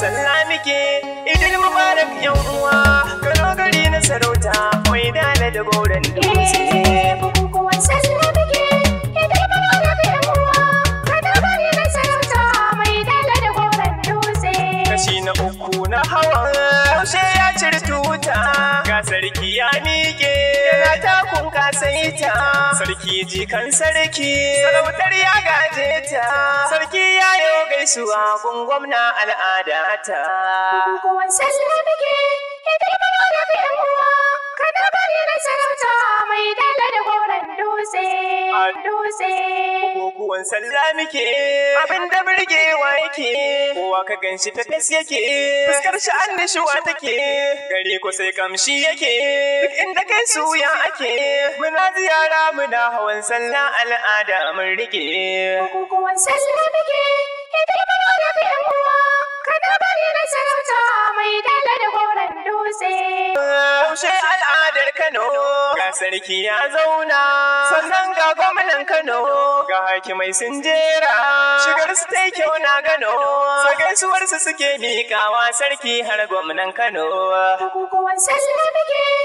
sallah muke idil yan uwa kano gari na sarauta mai dala da goren dutse na sarauta mai kashi na uku na hawa haushe ya cire tuta ga sarki ya miƙe yana sarki sarautar ya gaje ta sarki ya yi gaisuwa gun gwamna al'adata. Bukukuwan sallah muke, idan muna da bi'in uwa, kana bari na sarauta mai dala da gwamnan dutse, dutse. Bukukuwan sallah muke, abin da birgewa yake, kowa ka ganshi ta fes yake, fuskar shi annishuwa take, gare ku sai kamshi yake, duk inda kai suya ake, muna ziyara muna hawan sallah al'ada mun rike. Bukukuwan sallah muke, Kano ga sarki ya zauna sannan ga gwamnan Kano ga hakimai sun jera shigar su ta kyau na gano gaisuwar su suke miƙawa sarki har gwamnan Kano. kuwa sallah bige